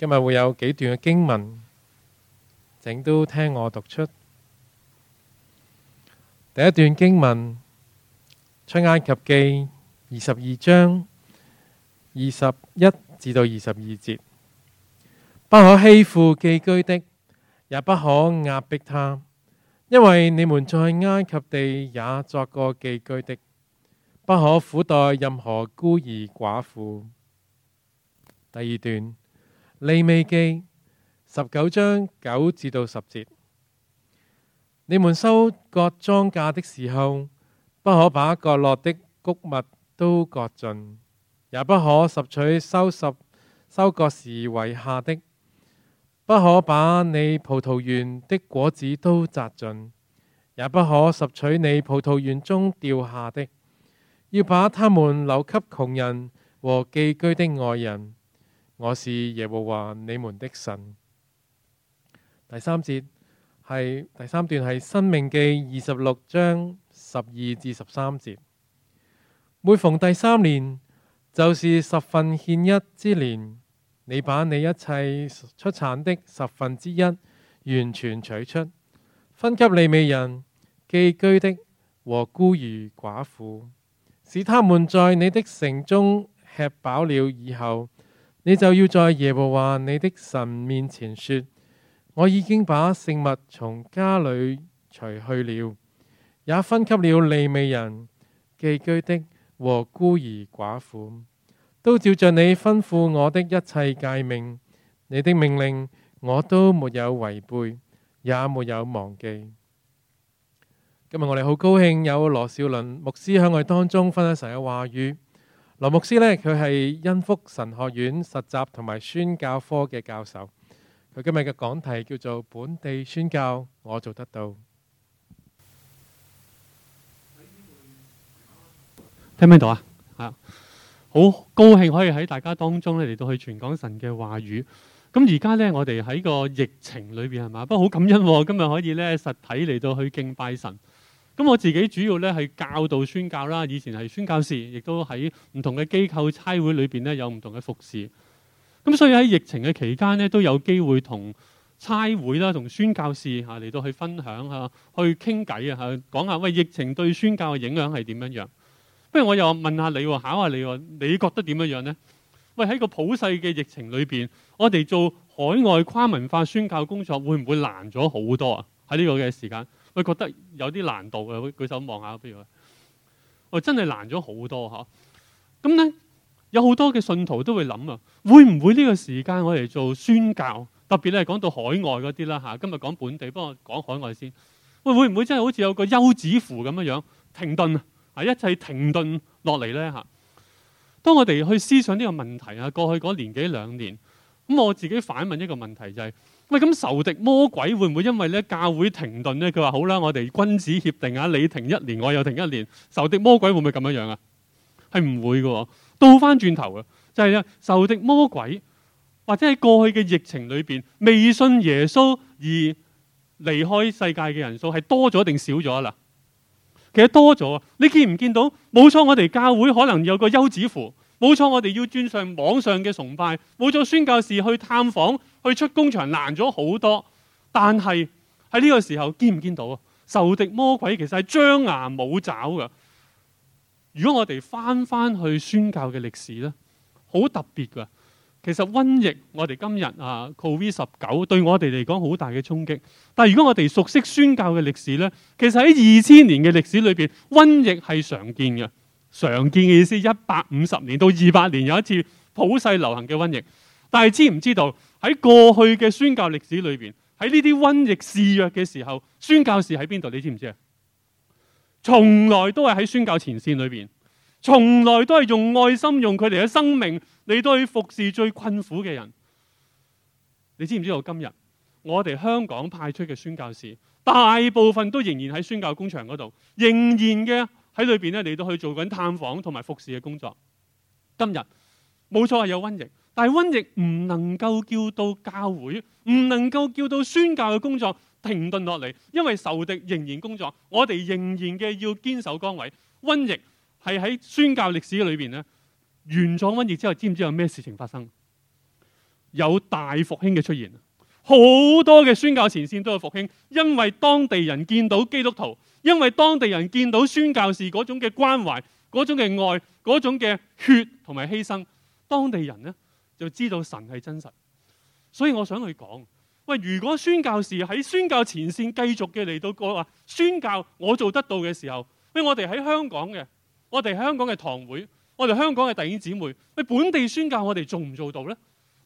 今日會有幾段嘅經文，整都聽我讀出。第一段經文：出埃及記二十二章二十一至到二十二節，不可欺負寄居的，也不可壓迫他，因為你們在埃及地也作過寄居的，不可苦待任何孤兒寡婦。第二段。利未記十九章九至到十節：你們收割莊稼的時候，不可把角落的穀物都割盡，也不可拾取收拾收割時遺下的；不可把你葡萄園的果子都摘盡，也不可拾取你葡萄園中掉下的，要把它們留給窮人和寄居的外人。我是耶和華你們的神。第三節係第三段係《申命記》二十六章十二至十三節。每逢第三年，就是十分獻一之年，你把你一切出產的十分之一完全取出，分給利未人、寄居的和孤兒寡婦，使他們在你的城中吃飽了以後。你就要在耶和華你的神面前說：我已經把聖物從家裏除去了，也分給了利未人、寄居的和孤兒寡婦，都照着你吩咐我的一切誡命。你的命令我都沒有違背，也沒有忘記。今日我哋好高興有羅少倫牧師喺我當中分享神嘅話語。羅牧師呢，佢係恩福神學院實習同埋宣教科嘅教授。佢今日嘅講題叫做《本地宣教，我做得到》。聽唔聽到啊？吓，好高興可以喺大家當中呢嚟到去傳講神嘅話語。咁而家呢，我哋喺個疫情裏邊係嘛，不過好感恩今日可以呢實體嚟到去敬拜神。咁我自己主要咧係教導宣教啦，以前係宣教士，亦都喺唔同嘅機構差會裏邊咧有唔同嘅服侍。咁所以喺疫情嘅期間呢，都有機會同差會啦、同宣教士嚇嚟、啊、到去分享嚇、啊、去傾偈啊、講下，喂，疫情對宣教嘅影響係點樣樣。不如我又問下你，考下你，你覺得點樣樣咧？喂，喺個普世嘅疫情裏邊，我哋做海外跨文化宣教工作會唔會難咗好多啊？喺呢個嘅時間。我覺得有啲難度嘅，舉手望下，不如我，我真係難咗好多嚇。咁呢，有好多嘅信徒都會諗啊，會唔會呢個時間我嚟做宣教？特別係講到海外嗰啲啦嚇。今日講本地，不過講海外先。喂，會唔會真係好似有一個休止符咁樣停頓啊？一切停頓落嚟呢嚇。當我哋去思想呢個問題啊，過去嗰年幾兩年，咁我自己反問一個問題就係、是。喂，咁仇敵魔鬼會唔會因為咧教會停頓咧？佢話好啦，我哋君子協定啊，你停一年，我又停一年。仇敵魔鬼會唔會咁樣樣啊？係唔會㗎喎。倒翻轉頭啊，就係咧仇敵魔鬼或者係過去嘅疫情裏邊未信耶穌而離開世界嘅人數係多咗定少咗啦？其實多咗啊！你見唔見到？冇錯，我哋教會可能有個休止符。冇錯，我哋要轉上網上嘅崇拜。冇咗，宣教士去探訪、去出工場難咗好多，但係喺呢個時候見唔見到啊？仇敵魔鬼其實係張牙舞爪噶。如果我哋翻翻去宣教嘅歷史呢，好特別噶。其實瘟疫我哋今日啊，COVID 十九對我哋嚟講好大嘅衝擊。但如果我哋熟悉宣教嘅歷史呢，其實喺二千年嘅歷史裏邊，瘟疫係常見嘅。常見嘅意思，一百五十年到二百年有一次普世流行嘅瘟疫，但係知唔知道喺過去嘅宣教歷史裏面，喺呢啲瘟疫肆虐嘅時候，宣教士喺邊度？你知唔知啊？從來都係喺宣教前線裏面，從來都係用愛心、用佢哋嘅生命嚟對服侍最困苦嘅人。你知唔知道今日我哋香港派出嘅宣教士，大部分都仍然喺宣教工場嗰度，仍然嘅。喺裏邊咧，你都去做緊探訪同埋服侍嘅工作今天。今日冇錯係有瘟疫，但係瘟疫唔能夠叫到教會，唔能夠叫到宣教嘅工作停頓落嚟，因為仇敵仍然工作，我哋仍然嘅要堅守崗位。瘟疫係喺宣教歷史裏邊原完咗瘟疫之後，知唔知有咩事情發生？有大復興嘅出現，好多嘅宣教前綫都有復興，因為當地人見到基督徒。因為當地人見到宣教士嗰種嘅關懷、嗰種嘅愛、嗰種嘅血同埋犧牲，當地人呢就知道神係真實。所以我想去講，喂，如果宣教士喺宣教前線繼續嘅嚟到過話宣教，我做得到嘅時候，喂，我哋喺香港嘅，我哋香港嘅堂會，我哋香港嘅弟兄姊妹，喂，本地宣教我哋做唔做到呢？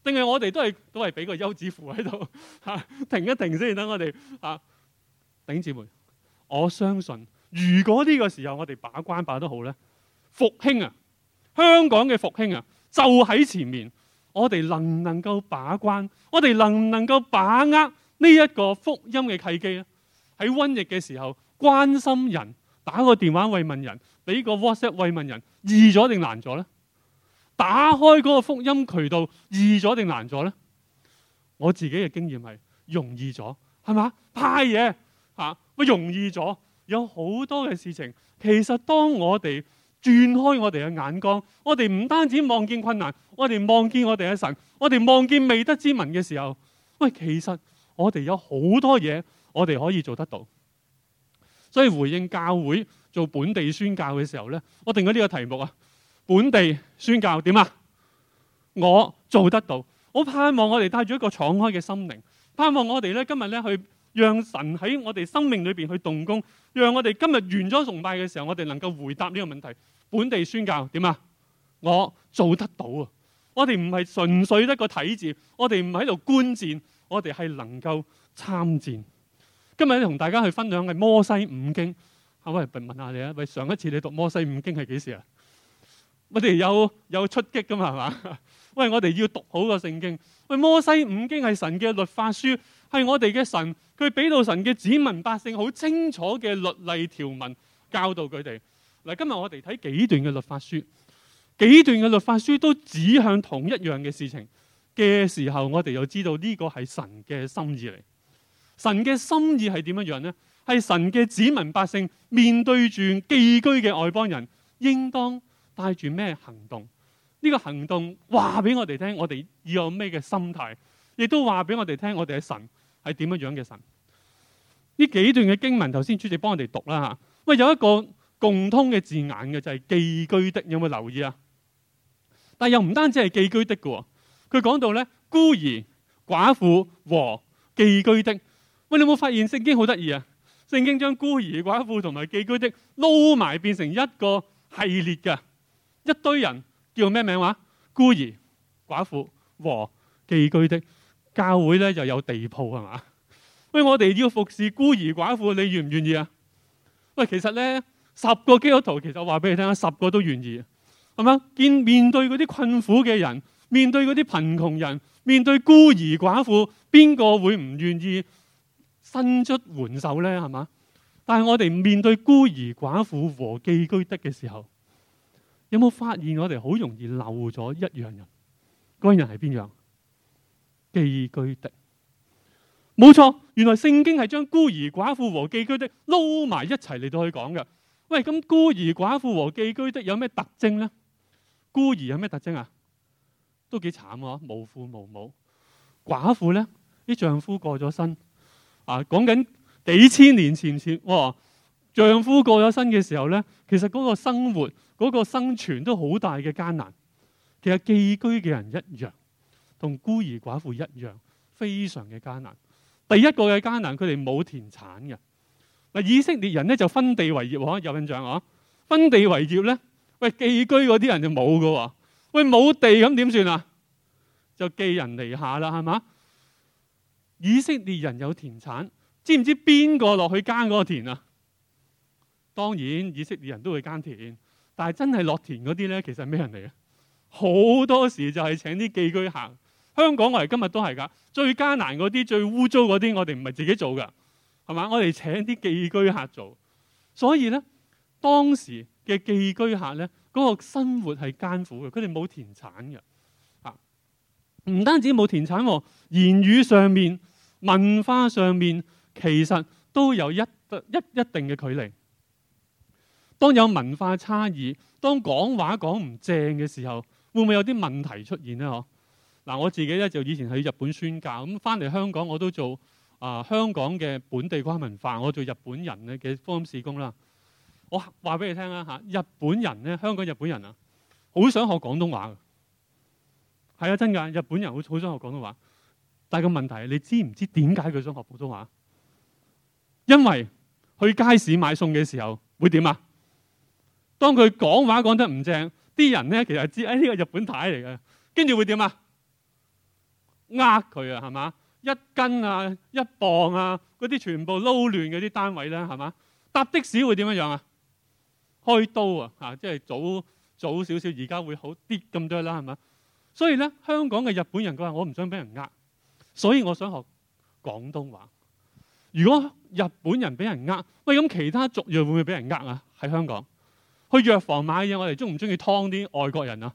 定係我哋都係都係俾個休止符喺度？吓，停一停先，等我哋吓、啊、弟兄姊妹。我相信，如果呢個時候我哋把關把得好呢，復興啊，香港嘅復興啊，就喺前面。我哋能唔能夠把關？我哋能唔能夠把握呢一個福音嘅契機呢？喺瘟疫嘅時候關心人，打個電話慰問人，俾個 WhatsApp 慰問人，易咗定難咗呢？打開嗰個福音渠道，易咗定難咗呢？我自己嘅經驗係容易咗，係嘛？派嘢吓。啊容易咗，有好多嘅事情。其實當我哋轉開我哋嘅眼光，我哋唔單止望見困難，我哋望見我哋嘅神，我哋望見未得之民嘅時候，喂，其實我哋有好多嘢，我哋可以做得到。所以回應教會做本地宣教嘅時候呢，我定咗呢個題目啊，本地宣教點呀？我做得到，我盼望我哋帶住一個敞開嘅心靈，盼望我哋呢今日呢去。讓神喺我哋生命裏邊去動工，讓我哋今日完咗崇拜嘅時候，我哋能夠回答呢個問題。本地宣教點啊？我做得到啊！我哋唔係純粹得個睇戰，我哋唔喺度觀戰，我哋係能夠參戰。今日同大家去分享嘅係摩西五經。喂，問下你啊，喂，上一次你讀摩西五經係幾時啊？我哋有有出擊噶嘛？係嘛？喂，我哋要讀好個聖經。喂，摩西五經係神嘅律法書，係我哋嘅神。佢俾到神嘅子民百姓好清楚嘅律例條文教導佢哋。嗱，今日我哋睇幾段嘅律法書，幾段嘅律法書都指向同一樣嘅事情嘅時候，我哋就知道呢個係神嘅心意嚟。神嘅心意係點樣樣呢？係神嘅子民百姓面對住寄居嘅外邦人，應當帶住咩行動？呢個行動話俾我哋聽，我哋要有咩嘅心態，亦都話俾我哋聽，我哋係神。係點樣樣嘅神？呢幾段嘅經文，頭先主席幫我哋讀啦吓。喂，有一個共通嘅字眼嘅就係寄居的，有冇留意啊？但又唔單止係寄居的嘅，佢講到咧，孤兒寡婦和寄居的。喂，你有冇發現聖經好得意啊？聖經將孤兒寡婦同埋寄居的撈埋變成一個系列嘅一堆人，叫咩名話？孤兒寡婦和寄居的。教會咧就有地鋪係嘛？喂，我哋要服侍孤兒寡婦，你願唔願意啊？喂，其實咧，十個基督徒其實我話俾你聽，十個都願意，係咪啊？見面對嗰啲困苦嘅人，面對嗰啲貧窮人，面對孤兒寡婦，邊個會唔願意伸出援手咧？係嘛？但係我哋面對孤兒寡婦和寄居的嘅時候，有冇發現我哋好容易漏咗一樣人？嗰樣人係邊樣？寄居的，冇錯。原來聖經係將孤兒寡婦和寄居的撈埋一齊嚟到去講嘅。喂，咁孤兒寡婦和寄居的有咩特徵呢？孤兒有咩特徵啊？都幾慘啊！無父無母，寡婦呢，啲丈夫過咗身。啊，講緊幾千年前前、哦，丈夫過咗身嘅時候呢，其實嗰個生活、嗰個生存都好大嘅艱難。其實寄居嘅人一樣。同孤兒寡婦一樣，非常嘅艱難。第一個嘅艱難，佢哋冇田產嘅。嗱，以色列人咧就分地為業，有印象啊？分地為業咧，喂，寄居嗰啲人就冇㗎。喂，冇地咁點算啊？就寄人籬下啦，係嘛？以色列人有田產，知唔知邊個落去耕嗰個田啊？當然以色列人都會耕田，但係真係落田嗰啲咧，其實係咩人嚟嘅？好多時就係請啲寄居行。香港我哋今日都係㗎，最艱難嗰啲，最污糟嗰啲，我哋唔係自己做㗎，係咪？我哋請啲寄居客做，所以咧，當時嘅寄居客咧，嗰個生活係艱苦嘅，佢哋冇田產嘅，唔單止冇田產，啊，言語上面，文化上面，其實都有一一一,一,一定嘅距離。當有文化差異，當講話講唔正嘅時候，會唔會有啲問題出現咧？嗬？嗱，我自己咧，就以前喺日本宣教，咁返嚟香港我都做啊香港嘅本地化文化，我做日本人咧嘅方事工啦。我話俾你聽啦嚇，日本人咧，香港日本人啊，好想學廣東話。係啊，真㗎，日本人好好想學廣東話。但係個問題，你知唔知點解佢想學普通話？因為去街市買餸嘅時候會點啊？當佢講話講得唔正，啲人咧其實知誒，呢個日本仔嚟嘅，跟住會點啊？呃佢啊，係嘛一斤啊、一磅啊，嗰啲全部撈亂嗰啲單位咧，係嘛？搭的士會點樣樣啊？開刀啊，吓、啊、即係早早少少，而家會好啲咁多啦，係嘛？所以咧，香港嘅日本人佢話，我唔想俾人呃，所以我想學廣東話。如果日本人俾人呃，喂，咁其他族裔會唔會俾人呃啊？喺香港去藥房買嘢，我哋中唔中意劏啲外國人啊？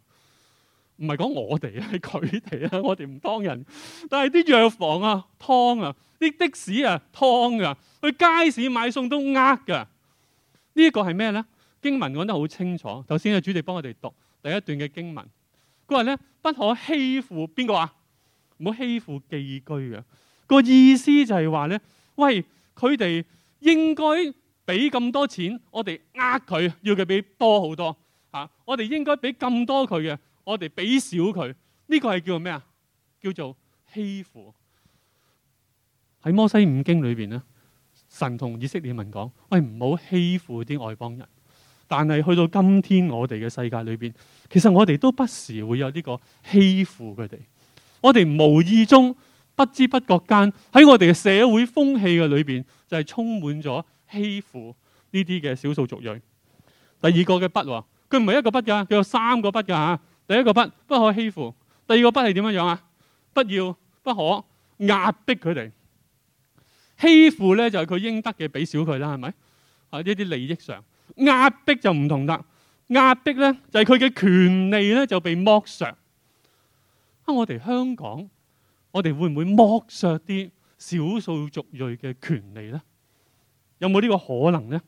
唔係講我哋啊，係佢哋啊。我哋唔當人，但係啲藥房啊、湯啊、啲的士啊、湯噶，去街市買餸都呃噶。呢個係咩咧？經文講得好清楚。頭先啊，主席幫我哋讀第一段嘅經文。佢話咧，不可欺負邊個啊？唔好欺負寄居啊。個意思就係話咧，喂，佢哋應該俾咁多錢我哋呃佢，要佢俾多好多啊。我哋應該俾咁多佢嘅。我哋鄙少佢，呢、這個係叫做咩啊？叫做欺負。喺摩西五經裏邊咧，神同以色列民講：喂，唔好欺負啲外邦人。但係去到今天我哋嘅世界裏邊，其實我哋都不時會有呢個欺負佢哋。我哋無意中、不知不覺間喺我哋嘅社會風氣嘅裏邊，就係、是、充滿咗欺負呢啲嘅少數族裔。第二個嘅筆，佢唔係一個筆噶，佢有三個筆噶吓。第一個不不可欺負，第二個不係點樣樣啊？不要不可壓迫佢哋欺負咧，就係、是、佢應得嘅，俾少佢啦，係咪？啊呢啲利益上壓迫就唔同啦，壓迫咧就係佢嘅權利咧就被剝削。啊，我哋香港，我哋會唔會剝削啲少數族裔嘅權利咧？有冇呢個可能咧？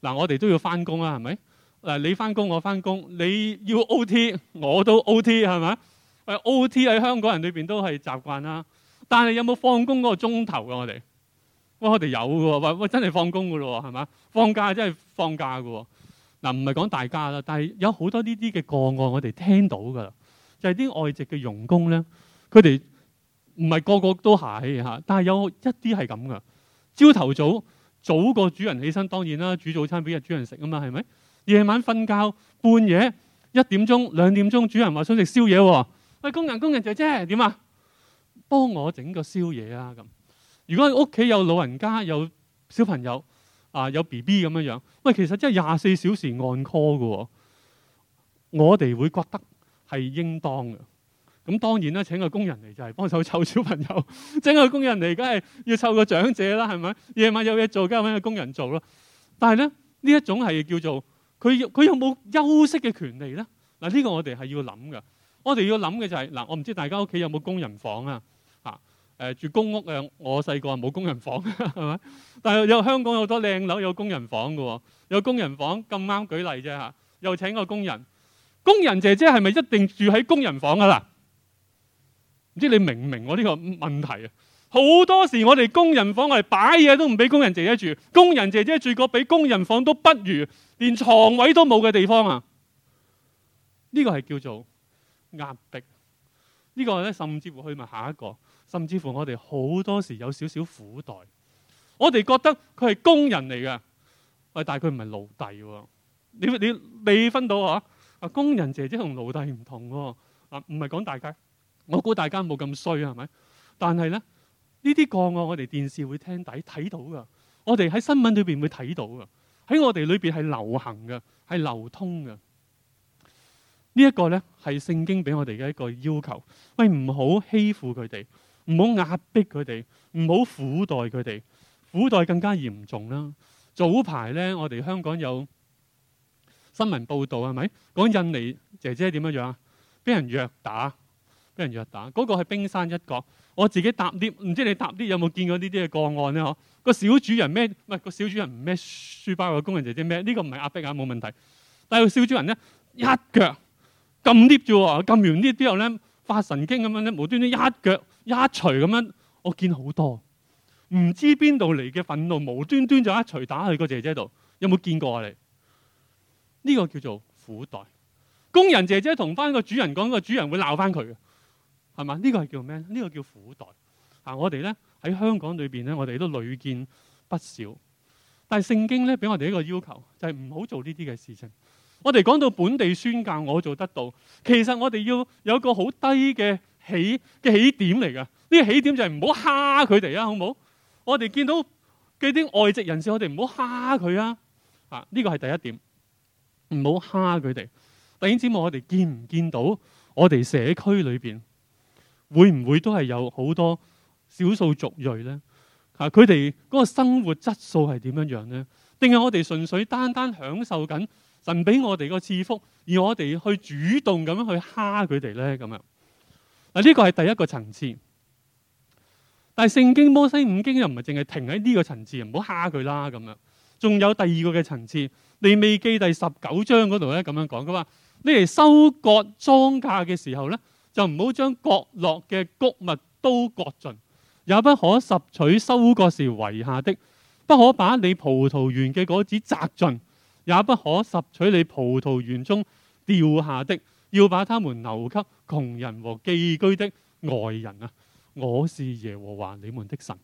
嗱、啊，我哋都要翻工啦，係咪？嗱，你返工我返工，你要 OT 我都 OT 係咪？誒 OT 喺香港人裏邊都係習慣啦。但係有冇放工嗰個鐘頭㗎、啊？我哋喂我哋有喎，喂喂真係放工㗎咯，係咪？放假真係放假㗎。嗱唔係講大家啦，但係有好多呢啲嘅個案我哋聽到㗎啦，就係、是、啲外籍嘅傭工咧，佢哋唔係個個都係嚇，但係有一啲係咁噶。朝頭早早過主人起身，當然啦，煮早餐俾日主人食啊嘛，係咪？夜晚瞓覺，半夜一點鐘、兩點鐘，主人話想食宵夜喎、啊。喂，工人、工人姐姐點啊？幫我整個宵夜啊！咁，如果屋企有老人家、有小朋友啊、有 B B 咁樣樣，喂，其實真係廿四小時按 call 嘅。我哋會覺得係應當嘅。咁當然啦、啊，請個工人嚟就係幫手湊小朋友。請個工人嚟，梗係要湊個長者啦，係咪？夜晚有嘢做，梗係揾個工人做咯。但係咧，呢一種係叫做。佢佢有冇休息嘅權利呢？嗱，呢個我哋係要諗嘅。我哋要諗嘅就係、是、嗱，我唔知大家屋企有冇工人房啊？嚇、呃，誒住公屋啊！我細個冇工人房係嘛，但係有香港有好多靚樓有工人房嘅喎，有工人房咁啱舉例啫嚇。又請個工人，工人姐姐係咪一定住喺工人房噶啦？唔知你明唔明我呢個問題啊？好多時我哋工人房係擺嘢，都唔俾工人姐姐住，工人姐姐住過畀工人房都不如，連床位都冇嘅地方啊！呢、這個係叫做壓迫。這個、呢個咧，甚至乎去問下一個，甚至乎我哋好多時有少少苦待。我哋覺得佢係工人嚟㗎。喂，但係佢唔係奴隸喎。你你未分到啊？啊，工人姐姐奴隸同奴隸唔同啊，唔係講大家。我估大家冇咁衰啊係咪？但係咧。呢啲個案我哋電視會聽底睇到噶我哋喺新聞裏邊會睇到噶喺我哋裏邊係流行噶係流通噶呢一個呢，係聖經俾我哋嘅一個要求，喂，唔好欺負佢哋，唔好壓迫佢哋，唔好苦待佢哋，苦待更加嚴重啦。早排呢，我哋香港有新聞報道係咪？講印尼姐姐點樣樣啊？俾人虐打，俾人虐打，嗰個係冰山一角。我自己搭 lift，唔知你搭 lift 有冇見過呢啲嘅個案咧？嗬，個小主人孭？唔係個小主人唔孭書包，個工人姐姐孭？呢個唔係壓迫啊，冇問題。但係個小主人咧一腳撳 lift 啫喎，撳完 lift 之後咧發神經咁樣咧，無端端一腳一捶咁樣，我見好多，唔知邊度嚟嘅憤怒，無端端就一捶打去個姐姐度，有冇見過啊？你呢個叫做苦代，工人姐姐同翻個主人講，個主人會鬧翻佢嘅。係嘛？呢個係叫咩？呢個叫苦代。啊，我哋咧喺香港裏邊咧，我哋都屢見不少。但係聖經咧，俾我哋一個要求，就係唔好做呢啲嘅事情。我哋講到本地宣教，我做得到。其實我哋要有一個好低嘅起嘅起點嚟㗎。呢個起點就係唔好蝦佢哋啊，好唔好？我哋見到嘅啲外籍人士，我哋唔好蝦佢啊。啊，呢個係第一點，唔好蝦佢哋。第二望我哋見唔見到我哋社區裏邊？會唔會都係有好多少數族裔呢？吓、啊，佢哋嗰個生活質素係點樣樣呢？定係我哋純粹單單享受緊神俾我哋個賜福，而我哋去主動咁樣去蝦佢哋呢？咁樣呢，呢個係第一個層次。但係聖經摩西五經又唔係淨係停喺呢個層次，唔好蝦佢啦。咁樣仲有第二個嘅層次，你未記第十九章嗰度咧？咁樣講嘅話，你嚟收割莊稼嘅時候呢。就唔好將角落嘅穀物都割盡，也不可拾取收割時遺下的；不可把你葡萄園嘅果子摘盡，也不可拾取你葡萄園中掉下的，要把他們留給窮人和寄居的外人啊！我是耶和華你們的神。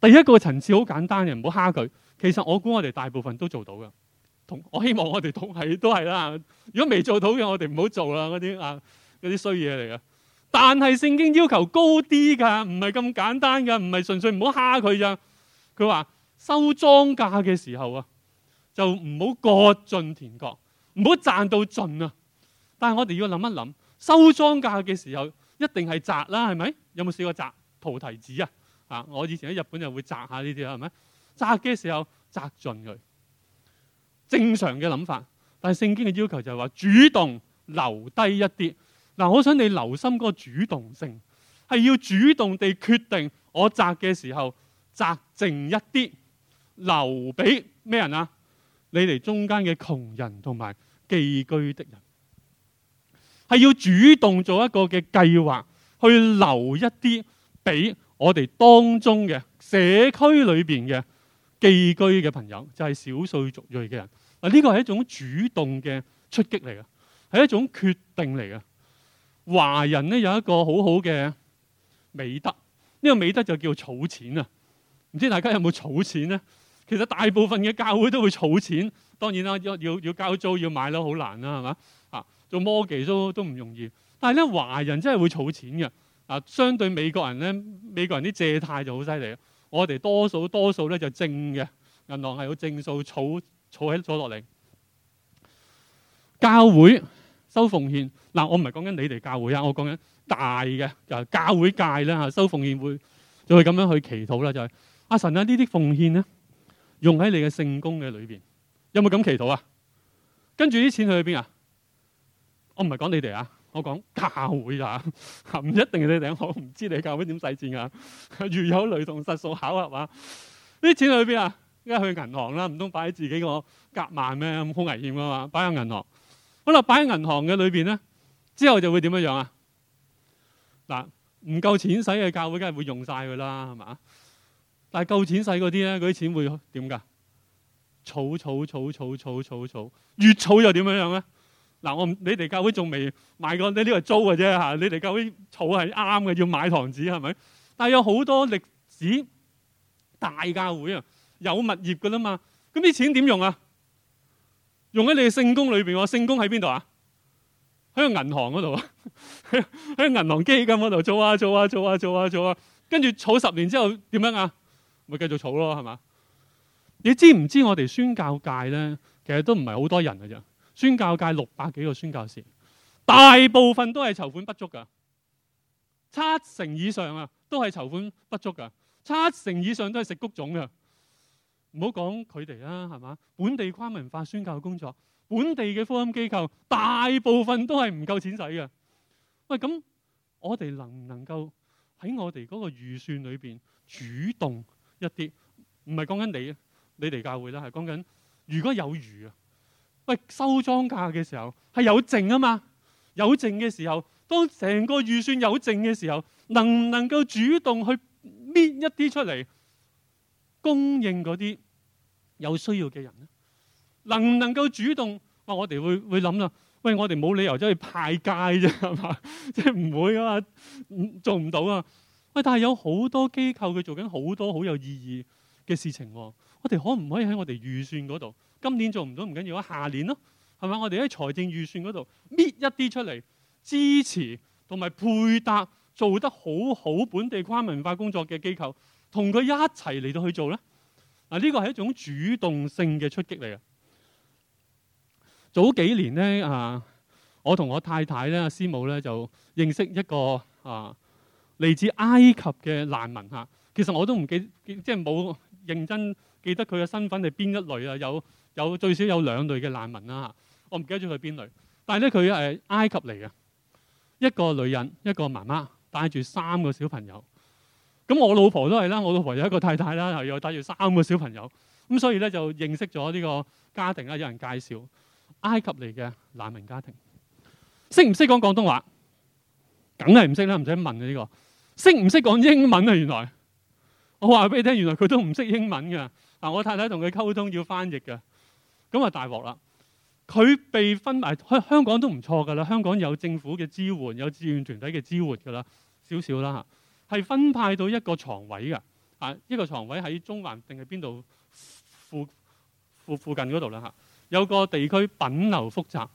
第一個層次好簡單嘅，唔好蝦佢。其實我估我哋大部分都做到嘅，同我希望我哋同係都係啦。如果未做到嘅，我哋唔好做啦嗰啲啊。嗰啲衰嘢嚟嘅，但係聖經要求高啲㗎，唔係咁簡單㗎，唔係純粹唔好蝦佢咋。佢話收莊稼嘅時候啊，就唔好割盡田角，唔好賺到盡啊。但係我哋要諗一諗，收莊稼嘅時候一定係摘啦，係咪？有冇試過摘菩提子啊？啊，我以前喺日本就會摘下呢啲啊，係咪？摘嘅時候摘盡佢，正常嘅諗法。但係聖經嘅要求就係話主動留低一啲。嗱，我想你留心嗰個主動性，係要主動地決定我摘嘅時候摘淨一啲，留俾咩人啊？你哋中間嘅窮人同埋寄居的人，係要主動做一個嘅計劃，去留一啲俾我哋當中嘅社區裏邊嘅寄居嘅朋友，就係、是、少數族裔嘅人。嗱，呢個係一種主動嘅出擊嚟嘅，係一種決定嚟嘅。華人咧有一個很好好嘅美德，呢、這個美德就叫儲錢啊！唔知道大家有冇儲錢咧？其實大部分嘅教會都會儲錢，當然啦，要要要交租要買咧，好難啦，係咪？啊，做摩 o 都都唔容易。但係咧，華人真係會儲錢嘅。啊，相對美國人咧，美國人啲借貸就好犀利。我哋多數多數咧就正嘅，銀行係有正數，儲儲起咗落嚟。教會。收奉獻嗱，我唔係講緊你哋教會啊，我講緊大嘅就係教會界啦吓，收奉獻會就會咁樣去祈禱啦，就係、是、阿、啊、神啊，呢啲奉獻呢，用喺你嘅聖工嘅裏邊，有冇咁祈禱啊？跟住啲錢去邊啊？我唔係講你哋啊，我講教會啊，唔一定你哋啊，我唔知你教會點使錢啊。如有雷同實屬巧合係嘛？呢啲錢去邊啊？依家去銀行啦，唔通擺喺自己個夾萬咩？咁好危險啊嘛，擺喺銀行。好啦，擺喺銀行嘅裏邊咧，之後就會點樣樣啊？嗱，唔夠錢使嘅教會，梗係會用晒佢啦，係嘛？但係夠錢使嗰啲咧，嗰啲錢會點噶？儲儲儲儲儲儲儲，儲，儲，儲，越儲又點樣樣、啊、咧？嗱，我你哋教會仲未買過這個、啊，你呢個租嘅啫，你哋教會儲係啱嘅，要買堂址係咪？但係有好多歷史大教會啊，有物業嘅啦嘛，咁啲錢點用啊？用喺你嘅聖功裏邊，聖功喺邊度啊？喺個銀行嗰度啊，喺個銀行基金嗰度做啊做啊做啊做啊做啊，跟住儲十年之後點樣啊？咪繼續儲咯，係嘛？你知唔知我哋宣教界咧，其實都唔係好多人嘅啫。宣教界六百幾個宣教士，大部分都係籌款不足噶，七成以上啊，都係籌款不足噶，七成以上都係食穀種噶。唔好講佢哋啦，係嘛？本地跨文化宣教工作，本地嘅福音機構，大部分都係唔夠錢使嘅。喂，咁我哋能唔能夠喺我哋嗰個預算裏邊主動一啲？唔係講緊你，你哋教會啦，係講緊如果有餘啊，喂，收莊稼嘅時候係有剩啊嘛，有剩嘅時候，當成個預算有剩嘅時候，能唔能夠主動去搣一啲出嚟供應嗰啲？有需要嘅人能唔能夠主動？我哋會會諗啦。喂，我哋冇理由走去派街啫，係嘛？即係唔會啊，做唔到啊。喂，但係有好多機構佢做緊好多好有意義嘅事情。我哋可唔可以喺我哋預算嗰度，今年做唔到唔緊要啊，下年咯，係咪？我哋喺財政預算嗰度搣一啲出嚟，支持同埋配搭做得好好本地跨文化工作嘅機構，同佢一齊嚟到去做咧。啊！呢個係一種主動性嘅出擊嚟嘅。早幾年呢，啊，我同我太太咧、阿師母咧就認識一個啊，嚟自埃及嘅難民嚇。其實我都唔記，即係冇認真記得佢嘅身份係邊一類啊。有有最少有兩類嘅難民啦嚇，我唔記得咗佢邊類。但係咧，佢係埃及嚟嘅，一個女人，一個媽媽，帶住三個小朋友。咁我老婆都係啦，我老婆有一個太太啦，又帶住三個小朋友，咁所以咧就認識咗呢個家庭啦，有人介紹埃及嚟嘅難民家庭，識唔識講廣東話？梗係唔識啦，唔使問嘅呢個。識唔識講英文啊？原來我話俾你聽，原來佢都唔識英文嘅，嗱我太太同佢溝通要翻譯嘅，咁啊大鑊啦！佢被分埋香香港都唔錯㗎啦，香港有政府嘅支援，有志願團體嘅支援㗎啦，少少啦嚇。係分派到一個床位嘅，啊，一個床位喺中環定係邊度附附附近嗰度咧？嚇，有個地區品流複雜，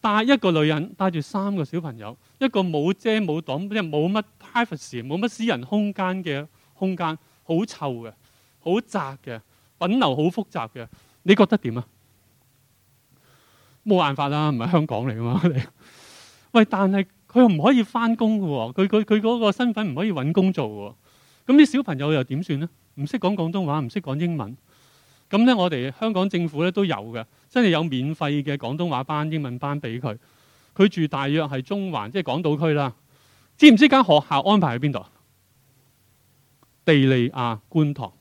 帶一個女人帶住三個小朋友，一個冇遮冇擋，即係冇乜 privacy，冇乜私人空間嘅空間，好臭嘅，好窄嘅，品流好複雜嘅，你覺得點啊？冇辦法啦，唔係香港嚟噶嘛？喂，但係。佢又唔可以返工嘅喎，佢佢佢嗰個身份唔可以揾工做喎，咁啲小朋友又點算呢？唔識講廣東話，唔識講英文，咁呢，我哋香港政府呢都有嘅，真係有免費嘅廣東話班、英文班俾佢。佢住大約係中環，即係港島區啦。知唔知間學校安排喺邊度啊？地利亞觀塘，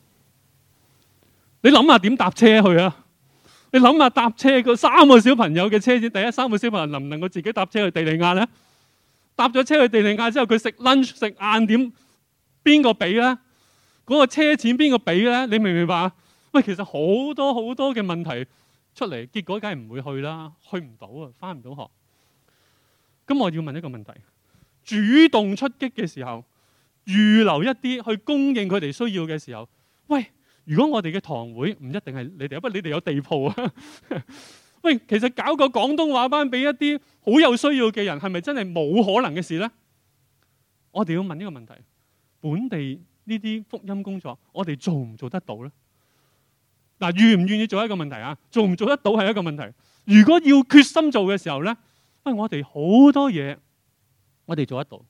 你諗下點搭車去啊？你諗下搭車個三個小朋友嘅車錢，第一三個小朋友能唔能夠自己搭車去地利亞呢？搭咗車去地利亞之後，佢食 lunch 食晏點？邊個俾咧？嗰、那個車錢邊個俾咧？你明唔明白啊？喂，其實好多好多嘅問題出嚟，結果梗係唔會去啦，去唔到啊，返唔到學。咁我要問一個問題：主動出擊嘅時候，預留一啲去供應佢哋需要嘅時候，喂，如果我哋嘅堂會唔一定係你哋，不你哋有地鋪啊？ 喂，其實搞個廣東話班俾一啲好有需要嘅人，係咪真係冇可能嘅事咧？我哋要問呢個問題：本地呢啲福音工作，我哋做唔做得到咧？嗱，願唔願意做一個問題啊，做唔做得到係一個問題。如果要決心做嘅時候咧，喂，我哋好多嘢，我哋做得到。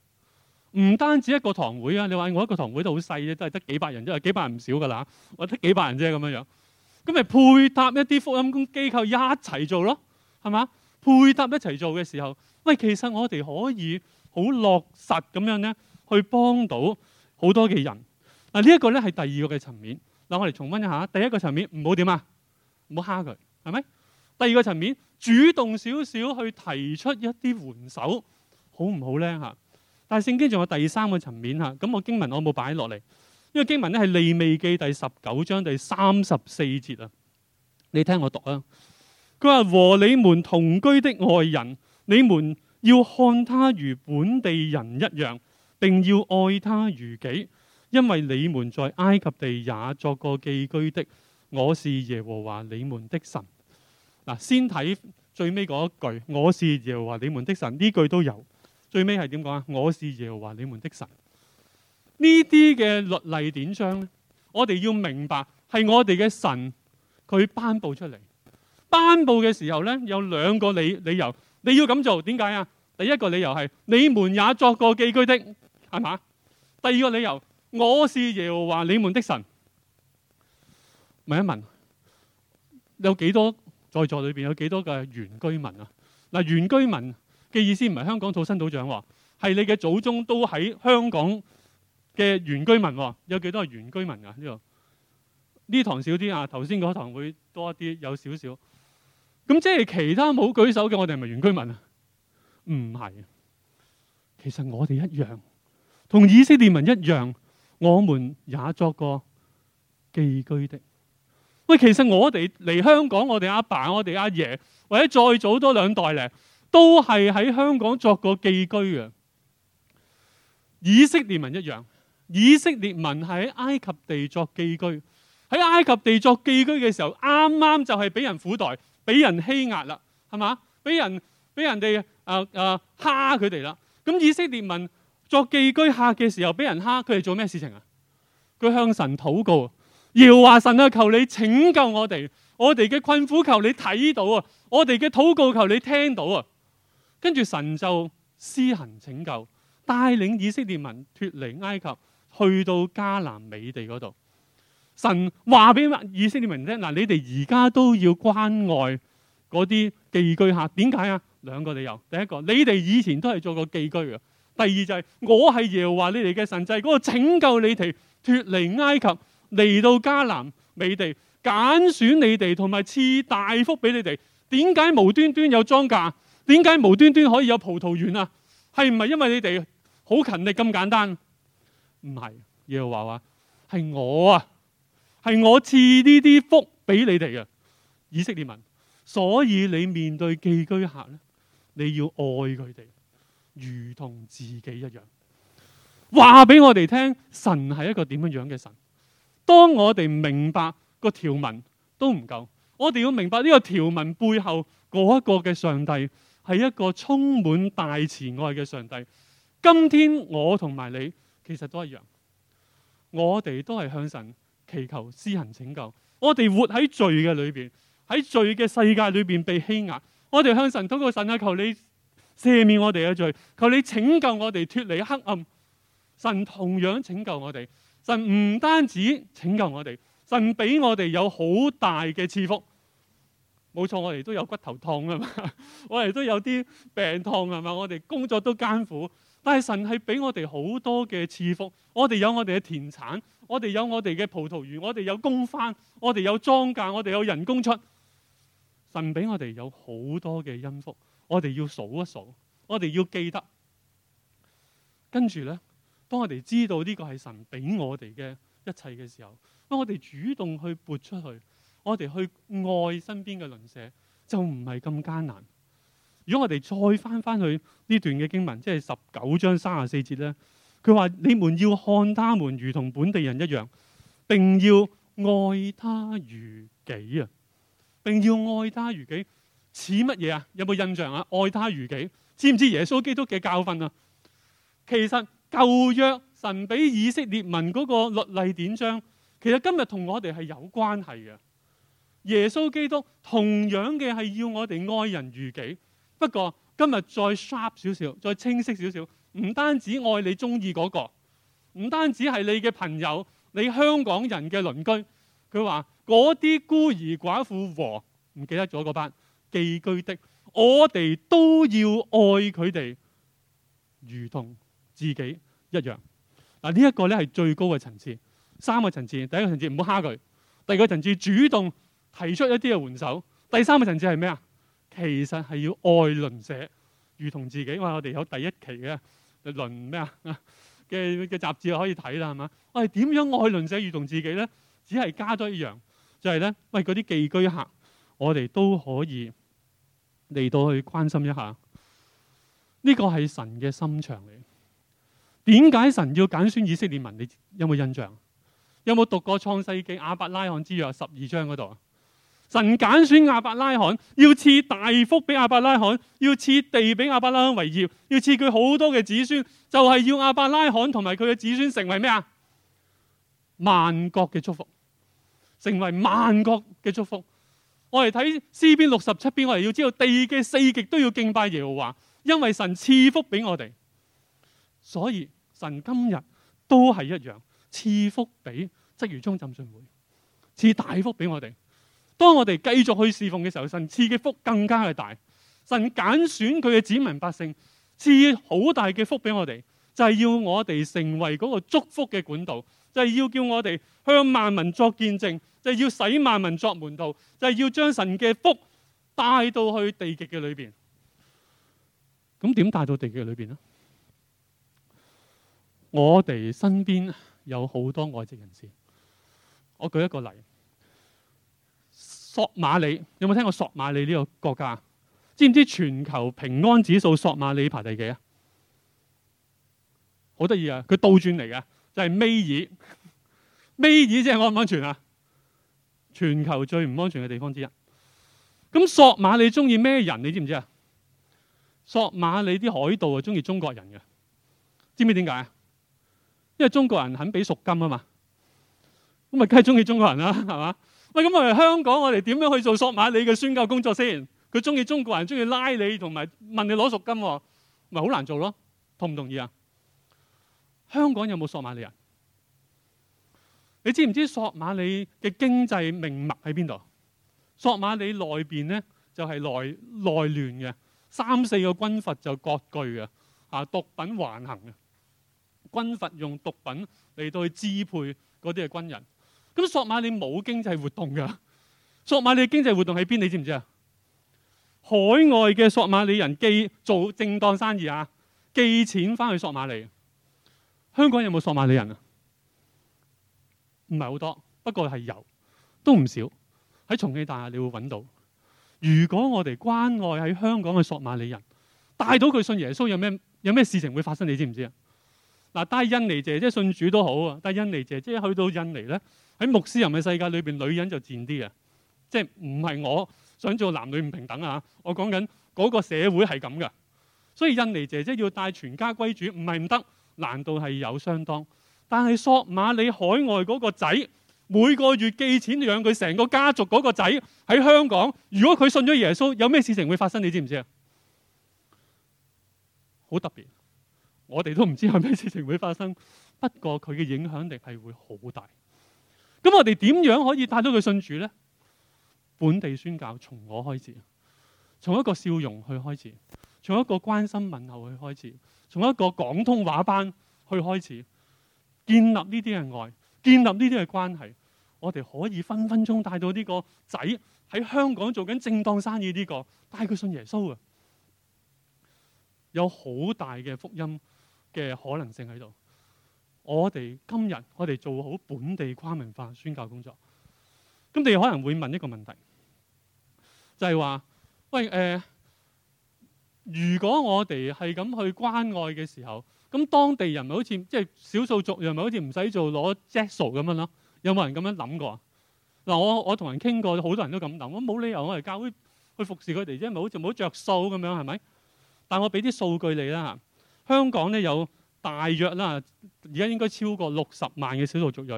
唔單止一個堂會啊，你話我一個堂會都好細啫，都係得幾百人啫，幾百人唔少㗎喇，我得幾百人啫咁樣樣。咁咪配搭一啲福音工機構一齊做咯，係嘛？配搭一齊做嘅時候，喂，其實我哋可以好落實咁樣咧，去幫到好多嘅人。嗱、啊，這個、呢一個咧係第二個嘅層面。嗱、啊，我哋重溫一下，第一個層面唔好點啊，唔好蝦佢，係咪？第二個層面主動少少去提出一啲援手，好唔好咧、啊？但係聖經仲有第三個層面，咁我經文我冇擺落嚟。因為經文咧係利未記第十九章第三十四節啊，你聽我讀啊。佢話，和你們同居的外人，你們要看他如本地人一樣，並要愛他如己，因為你們在埃及地也作過寄居的。我是耶和華你們的神。嗱，先睇最尾嗰句，我是耶和華你們的神呢句都有。最尾係點講啊？我是耶和華你們的神。呢啲嘅律例典章咧，我哋要明白係我哋嘅神佢頒布出嚟。頒布嘅時候咧，有兩個理理由，你要咁做，點解啊？第一個理由係你們也作過寄居的，係嘛？第二個理由，我是耶和華你們的神。問一問，有幾多在座裏邊有幾多個原居民啊？嗱，原居民嘅意思唔係香港土生土長話，係你嘅祖宗都喺香港，嘅原居民，哦，有幾多係原居民啊呢度？呢堂少啲啊，頭先嗰堂會多一啲，有少少。咁即係其他冇舉手嘅，我哋係咪原居民啊？唔係，其實我哋一樣，同以色列民一樣，我們也作過寄居的。喂，其實我哋嚟香港，我哋阿爸、我哋阿爺，或者再早多兩代咧，都係喺香港作過寄居嘅。以色列民一樣。以色列民喺埃及地作寄居，喺埃及地作寄居嘅時候，啱啱就係俾人苦待、俾人欺壓啦，係嘛？俾人俾人哋誒誒蝦佢哋啦。咁、呃呃、以色列民作寄居客嘅時候，俾人蝦佢哋做咩事情啊？佢向神禱告，耶和華神啊，求你拯救我哋，我哋嘅困苦求你睇到啊，我哋嘅禱告求你聽到啊。跟住神就施行拯救，帶領以色列民脫離埃及。去到迦南美地嗰度，神話俾以色列民聽嗱，你哋而家都要關愛嗰啲寄居客，點解啊？兩個理由，第一個你哋以前都係做過寄居嘅，第二就係、是、我係耶和華你哋嘅神，就係、是、嗰個拯救你哋脱離埃及，嚟到迦南美地，揀選你哋同埋賜大福俾你哋。點解無端端有莊稼？點解無端端可以有葡萄園啊？係唔係因為你哋好勤力咁簡單？唔係，耶和華話：係我啊，係我賜呢啲福俾你哋啊。以色列民。所以你面對寄居客咧，你要愛佢哋，如同自己一樣。話俾我哋聽，神係一個點樣樣嘅神？當我哋明白個條文都唔夠，我哋要明白呢個條文背後嗰一個嘅上帝係一個充滿大慈愛嘅上帝。今天我同埋你。其實都一樣，我哋都係向神祈求施行拯救。我哋活喺罪嘅裏面，喺罪嘅世界裏面被欺壓。我哋向神通過神啊，求你赦免我哋嘅罪，求你拯救我哋脫離黑暗。神同樣拯救我哋，神唔單止拯救我哋，神俾我哋有好大嘅賜福。冇錯，我哋都有骨頭痛啊嘛，我哋都有啲病痛係嘛，我哋工作都艱苦。但係神係俾我哋好多嘅賜福，我哋有我哋嘅田產，我哋有我哋嘅葡萄園，我哋有工返，我哋有莊稼，我哋有人工出。神俾我哋有好多嘅恩福，我哋要數一數，我哋要記得。跟住呢，當我哋知道呢個係神俾我哋嘅一切嘅時候，當我哋主動去撥出去，我哋去愛身邊嘅鄰舍，就唔係咁艱難。如果我哋再翻翻去呢段嘅經文，即係十九章三十四節呢，佢話，你們要看他們如同本地人一樣，並要愛他如己啊，並要愛他如己，似乜嘢啊？有冇印象啊？愛他如己，知唔知耶穌基督嘅教訓啊？其實舊約神俾以色列民嗰個律例典章，其實今日同我哋係有關係嘅。耶穌基督同樣嘅係要我哋愛人如己。不過今日再 sharp 少少，再清晰少少，唔單止愛你中意嗰個，唔單止係你嘅朋友，你香港人嘅鄰居，佢話嗰啲孤兒寡婦和唔記得咗嗰班寄居的，我哋都要愛佢哋，如同自己一樣。嗱，呢一個呢係最高嘅層次，三個層次，第一個層次唔好蝦佢，第二個層次主動提出一啲嘅援手，第三個層次係咩啊？其實係要愛鄰舍，如同自己。喂，我哋有第一期嘅鄰咩啊嘅嘅雜誌可以睇啦，係嘛？喂，點樣愛鄰舍如同自己咧？只係加咗一樣，就係、是、咧，喂，嗰啲寄居客，我哋都可以嚟到去關心一下。呢、這個係神嘅心腸嚟。點解神要揀選以色列民？你有冇印象？有冇讀過創世紀亞伯拉罕之約十二章嗰度？神揀選亞伯拉罕，要賜大福俾亞伯拉罕，要賜地俾亞伯拉罕為業，要賜佢好多嘅子孫，就係、是、要亞伯拉罕同埋佢嘅子孫成為咩啊？萬國嘅祝福，成為萬國嘅祝福。我哋睇詩篇六十七篇，我哋要知道地嘅四極都要敬拜耶和華，因為神賜福俾我哋，所以神今日都係一樣賜福俾積雨中浸信會，賜大福俾我哋。當我哋繼續去侍奉嘅時候，神賜嘅福更加係大。神揀選佢嘅子民百姓，賜好大嘅福俾我哋，就係要我哋成為嗰個祝福嘅管道，就係要叫我哋向萬民作見證，就係要使萬民作門徒，就係要將神嘅福帶到去地極嘅裏邊。咁點帶到地極裏邊呢？我哋身邊有好多外籍人士，我舉一個例。索馬里，有冇聽過索馬里呢個國家？知唔知全球平安指數索馬里排第幾啊？好得意啊！佢倒轉嚟嘅，就係尾二，尾二即係安唔安全啊？全球最唔安全嘅地方之一。咁索馬里中意咩人？你知唔知啊？索馬里啲海盜啊，中意中國人嘅。知唔知點解啊？因為中國人肯俾贖金啊嘛。咁啊，梗係中意中國人啦，係嘛？喂，咁我哋香港，我哋點樣去做索馬里嘅宣教工作先？佢中意中國人，中意拉你同埋問你攞贖金喎，咪好難做咯？同唔同意啊？香港有冇索馬里人？你知唔知索馬里嘅經濟命脈喺邊度？索馬里內邊咧就係、是、內內亂嘅，三四個軍閥就割據嘅，啊毒品橫行嘅，軍閥用毒品嚟到去支配嗰啲嘅軍人。咁索馬利冇經濟活動噶，索馬利的經濟活動喺邊？你知唔知啊？海外嘅索馬利人寄做正當生意啊，寄錢翻去索馬利。香港有冇索馬利人啊？唔係好多，不過係有，都唔少。喺重慶大廈你會揾到。如果我哋關愛喺香港嘅索馬利人，帶到佢信耶穌，有咩，有咩有咩事情會發生？你知唔知啊？嗱，帶印尼姐姐信主都好啊，帶印尼姐姐去到印尼呢，喺穆斯林嘅世界裏邊，女人就賤啲啊！即係唔係我想做男女唔平等啊！我講緊嗰個社會係咁噶，所以印尼姐姐要帶全家歸主唔係唔得，難度係有相當。但係索馬里海外嗰個仔每個月寄錢養佢成個家族嗰個仔喺香港，如果佢信咗耶穌，有咩事情會發生？你知唔知啊？好特別。我哋都唔知係咩事情會發生，不過佢嘅影響力係會好大。咁我哋點樣可以帶到佢信主呢？本地宣教從我開始，從一個笑容去開始，從一個關心問候去開始，從一個廣東話班去開始，建立呢啲嘅愛，建立呢啲嘅關係，我哋可以分分鐘帶到呢個仔喺香港做緊正當生意呢個，帶佢信耶穌啊！有好大嘅福音。嘅可能性喺度，我哋今日我哋做好本地跨文化宣教工作，咁你可能會問一個問題，就係話：喂誒、呃，如果我哋係咁去關愛嘅時候，咁當地人咪好似即係少數族人咪好似唔使做攞著數咁樣咯？有冇人咁樣諗過啊？嗱，我我同人傾過，好多人都咁諗，我冇理由我哋教會去服侍佢哋啫，咪好似冇着數咁樣，係咪？但我俾啲數據你啦香港咧有大約啦，而家應該超過六十萬嘅少數族裔。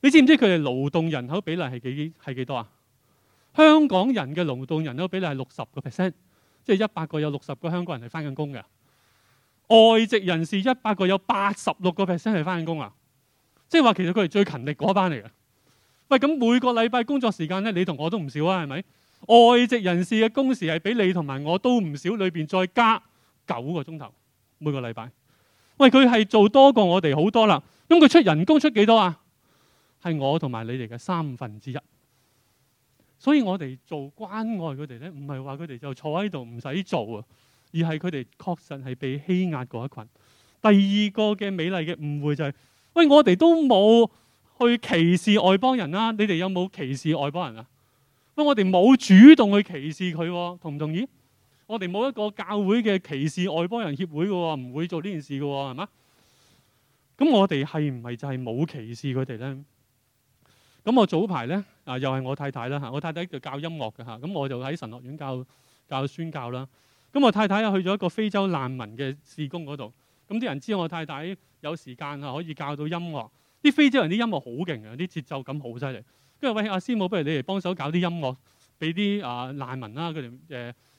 你知唔知佢哋勞動人口比例係幾係幾多啊？香港人嘅勞動人口比例係六十個 percent，即係一百個有六十個香港人係翻緊工㗎。外籍人士一百個有八十六個 percent 係翻緊工啊！即係話其實佢哋最勤力嗰班嚟嘅。喂，咁每個禮拜工作時間咧，你同我都唔少啊，係咪？外籍人士嘅工時係比你同埋我都唔少，裏邊再加九個鐘頭。每個禮拜，喂，佢係做多過我哋好多啦。咁佢出人工出幾多啊？係我同埋你哋嘅三分之一。所以我哋做關愛佢哋咧，唔係話佢哋就坐喺度唔使做啊，而係佢哋確實係被欺壓嗰一群。第二個嘅美麗嘅誤會就係、是，喂，我哋都冇去歧視外邦人啦。你哋有冇歧視外邦人啊？喂、啊，我哋冇主動去歧視佢、啊，同唔同意？我哋冇一個教會嘅歧視外邦人協會嘅喎，唔會做呢件事嘅喎，係嘛？咁我哋係唔係就係冇歧視佢哋咧？咁我早排咧啊，又係我太太啦嚇，我太太就教音樂嘅嚇，咁我就喺神學院教教宣教啦。咁我太太去咗一個非洲難民嘅事工嗰度，咁啲人知我太太有時間啊，可以教到音樂。啲非洲人啲音樂好勁啊，啲節奏感好犀利。跟住，喂，阿師母，不如你嚟幫手搞啲音樂俾啲啊難民啦、啊，佢哋誒。呃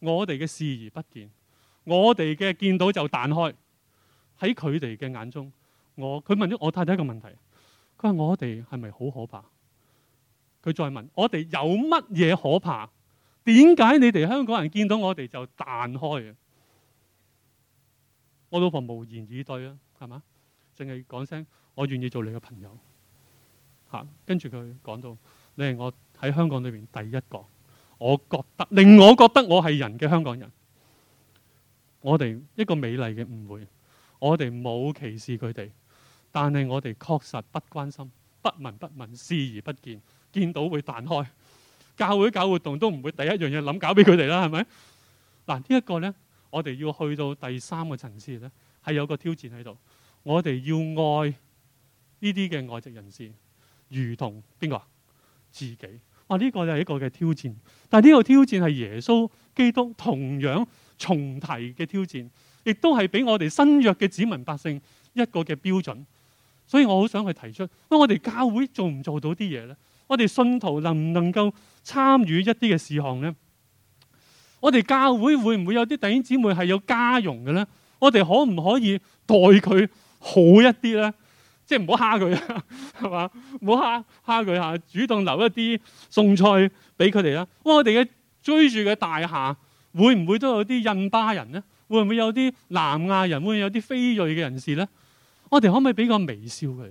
我哋嘅視而不見，我哋嘅見到就彈開。喺佢哋嘅眼中，我佢問咗我太太一個問題，佢話我哋係咪好可怕？佢再問我哋有乜嘢可怕？點解你哋香港人見到我哋就彈開？我老婆無言以對啦，係嘛？淨係講聲我願意做你嘅朋友。吓，跟住佢講到你係我喺香港裏面第一個。我覺得令我覺得我係人嘅香港人，我哋一個美麗嘅誤會，我哋冇歧視佢哋，但係我哋確實不關心、不聞不問、視而不見，見到會彈開。教會搞活動都唔會第一樣嘢諗搞俾佢哋啦，係咪？嗱，呢一個呢，我哋要去到第三個層次呢，係有個挑戰喺度，我哋要愛呢啲嘅外籍人士，如同邊個？自己。啊！呢、哦，這個就係一個嘅挑戰，但係呢個挑戰係耶穌基督同樣重提嘅挑戰，亦都係俾我哋新約嘅子民百姓一個嘅標準。所以我好想去提出：我哋教會做唔做到啲嘢呢？我哋信徒能唔能夠參與一啲嘅事項呢？我哋教會會唔會有啲弟兄姊妹係有家傭嘅呢？我哋可唔可以待佢好一啲呢？即係唔好蝦佢啊，係嘛？唔好蝦蝦佢嚇，主動留一啲餸菜俾佢哋啦。我哋嘅追住嘅大廈，會唔會都有啲印巴人咧？會唔會有啲南亞人？會唔會有啲非裔嘅人士咧？我哋可唔可以俾個微笑佢？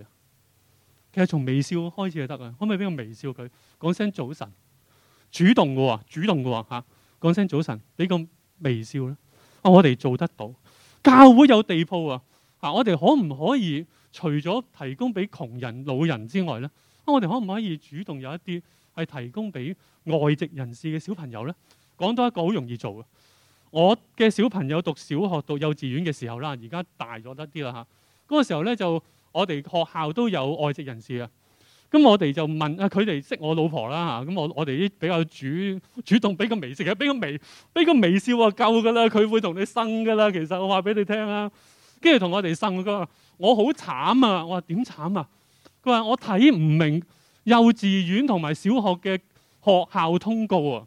其實從微笑開始就得啦。可唔可以俾個微笑佢？講聲早晨，主動嘅喎，主動嘅喎嚇。講聲早晨，俾個微笑啦。啊，我哋做得到。教會有地鋪啊，啊，我哋可唔可以？除咗提供俾窮人、老人之外呢，啊，我哋可唔可以主動有一啲係提供俾外籍人士嘅小朋友呢？講多一個好容易做嘅，我嘅小朋友讀小學、讀幼稚園嘅時候啦，而家大咗得啲啦嚇。嗰、嗰個時候呢，就我哋學校都有外籍人士那啊。咁我哋就問啊，佢哋識我老婆啦嚇。咁我我哋比較主主動俾個微食啊，俾個微俾個微笑啊，夠㗎啦，佢會同你生㗎啦。其實我話俾你聽啊，跟住同我哋生個。我好慘啊！我話點慘啊？佢話我睇唔明幼稚園同埋小學嘅學校通告啊？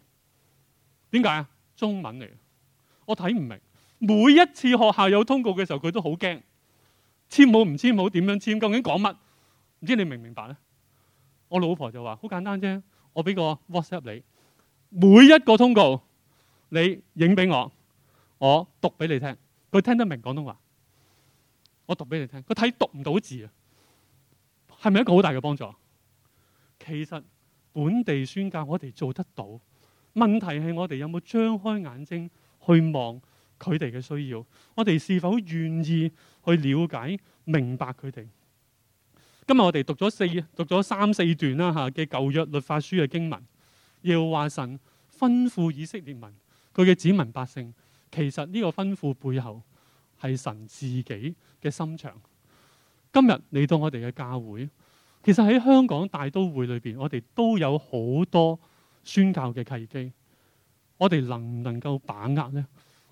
點解啊？中文嚟，我睇唔明。每一次學校有通告嘅時候，佢都好驚，簽冇唔簽冇點樣簽？究竟講乜？唔知你明唔明白咧？我老婆就話好簡單啫，我俾個 WhatsApp 你，每一個通告你影俾我，我讀俾你聽。佢聽得明廣東話。我讀俾你聽，佢睇讀唔到字啊，係咪一個好大嘅幫助？其實本地宣教我哋做得到，問題係我哋有冇張開眼睛去望佢哋嘅需要，我哋是否願意去了解、明白佢哋？今日我哋讀咗四、讀咗三四段啦吓嘅舊約律法書嘅經文，要話神吩咐以色列民，佢嘅子民百姓，其實呢個吩咐背後。係神自己嘅心腸。今日嚟到我哋嘅教會，其實喺香港大都會裏邊，我哋都有好多宣教嘅契機。我哋能唔能夠把握呢？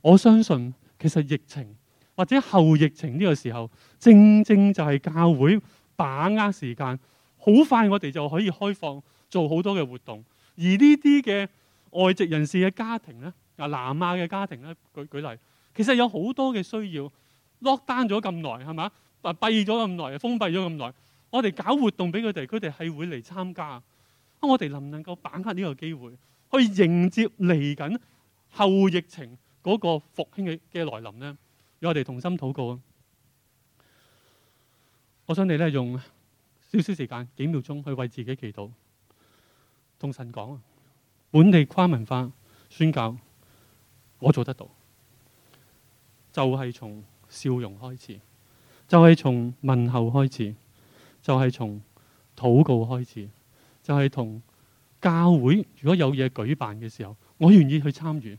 我相信，其實疫情或者後疫情呢個時候，正正就係教會把握時間，好快我哋就可以開放做好多嘅活動。而呢啲嘅外籍人士嘅家庭呢，啊，南亞嘅家庭呢，舉舉例。其實有好多嘅需要 lock down 咗咁耐係嘛？閉咗咁耐，封閉咗咁耐，我哋搞活動俾佢哋，佢哋係會嚟參加。我哋能唔能夠把握呢個機會，去迎接嚟緊後疫情嗰個復興嘅嘅來臨呢？要我哋同心禱告。我想你咧用少少時間，幾秒鐘去為自己祈禱。同神講本地跨文化宣教，我做得到。就係從笑容開始，就係、是、從問候開始，就係從禱告開始，就係、是、同教會如果有嘢舉辦嘅時候，我願意去參與，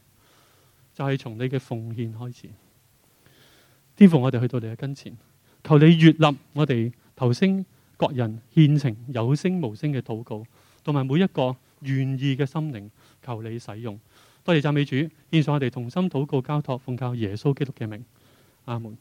就係、是、從你嘅奉獻開始，天父，我哋去到你嘅跟前，求你悅納我哋頭先、各人獻情、有聲無聲嘅禱告，同埋每一個願意嘅心靈，求你使用。多謝讚美主，獻上我哋同心禱告交託奉靠耶穌基督嘅名，阿門。